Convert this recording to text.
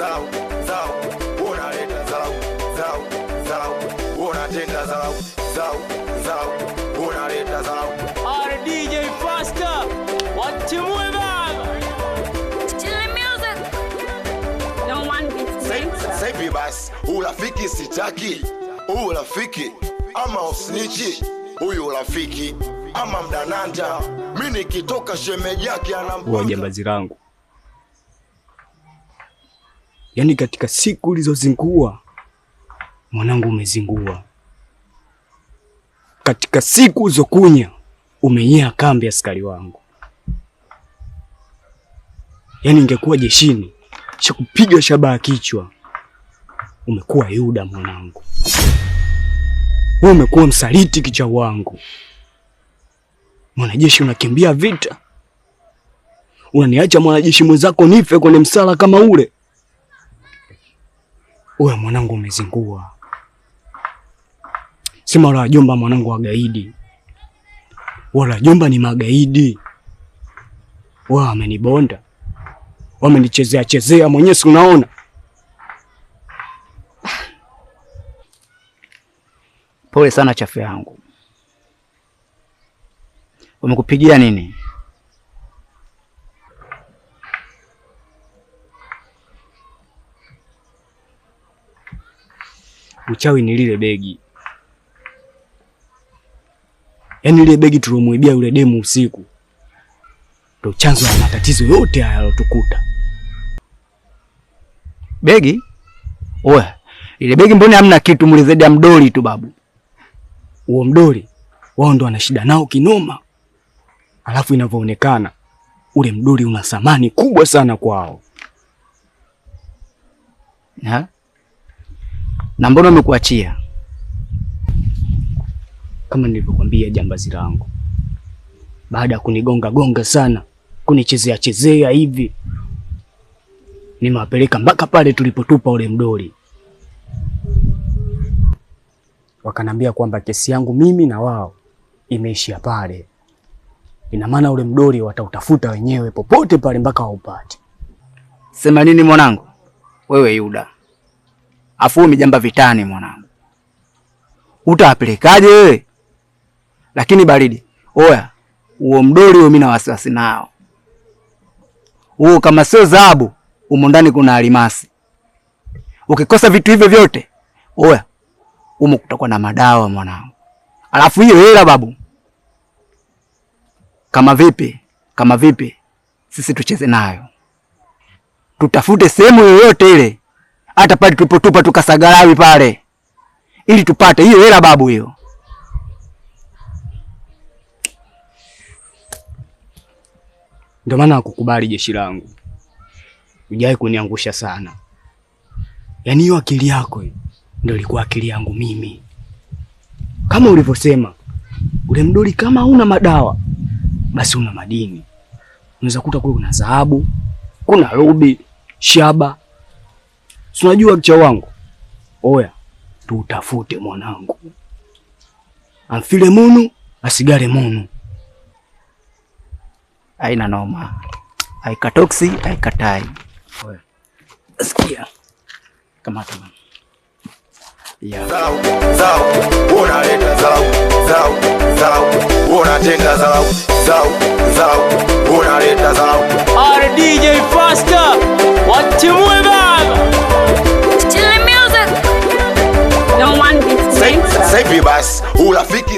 zau zau, unaleta unatenda unaleta Faster basi, urafiki sitaki, urafiki ama usnichi, huyu urafiki ama mdananja, mi nikitoka shemeji yake anampa jambazi langu yaani katika siku ulizozingua mwanangu, umezingua katika siku ulizokunya umenyea kambi askari wangu. Yaani ingekuwa jeshini shakupiga shabaha kichwa. Umekuwa Yuda mwanangu, wewe umekuwa msaliti kicha wangu. Mwanajeshi unakimbia vita, unaniacha mwanajeshi mwenzako nife kwenye msala kama ule. Uwe mwanangu umezingua, si mara wajomba mwanangu wagaidi, wala jomba ni magaidi. wa wamenibonda, wamenichezea chezea, mwenyewe si unaona. Pole sana chafu yangu. Wamekupigia nini? uchawi ni lile begi, yaani lile begi tulomwibia yule demu usiku ndo chanzo ya matatizo yote haya yalotukuta. Begi oya ile begi mbona hamna kitu, mlizaidi ya mdoli tu babu. Huo mdoli wao ndo wana shida nao kinoma, alafu inavyoonekana ule mdoli una thamani kubwa sana kwao ha? na mbona umekuachia? Kama nilivyokwambia, jambazi langu, baada ya kunigonga gonga sana, kunichezea chezea hivi, nimewapeleka mpaka pale tulipotupa ule mdoli, wakanambia kwamba kesi yangu mimi na wao imeishia pale. Ina maana ule mdoli watautafuta wenyewe popote pale mpaka waupate. Sema nini mwanangu, wewe Yuda? afu umejamba vitani mwanangu, utawapelekaje wewe? Lakini baridi oya, huo mdoli huo, mimi na wasiwasi nao huo, kama sio dhahabu umo ndani kuna alimasi. Ukikosa vitu hivyo vyote, oya, umo kutakuwa na madawa mwanangu. Alafu hiyo hela babu, kama vipi kama vipi, sisi tucheze nayo, tutafute sehemu yoyote ile hata pale tulipotupa tukasagalawi pale, ili tupate hiyo hela babu. Hiyo ndio maana akukubali jeshi langu, ujawahi kuniangusha sana. Yaani hiyo akili yako ndio ilikuwa akili yangu mimi, kama ulivyosema ule mdoli, kama una madawa basi una madini, unaweza kuta kule kuna dhahabu, kuna rubi, shaba Si unajua wangu, oya tutafute mwanangu, amfile munu asigare munu. Aina noma, aikatoksi aikatai. Sikia kama kama unaleta Faster watimwe fi bas, ou la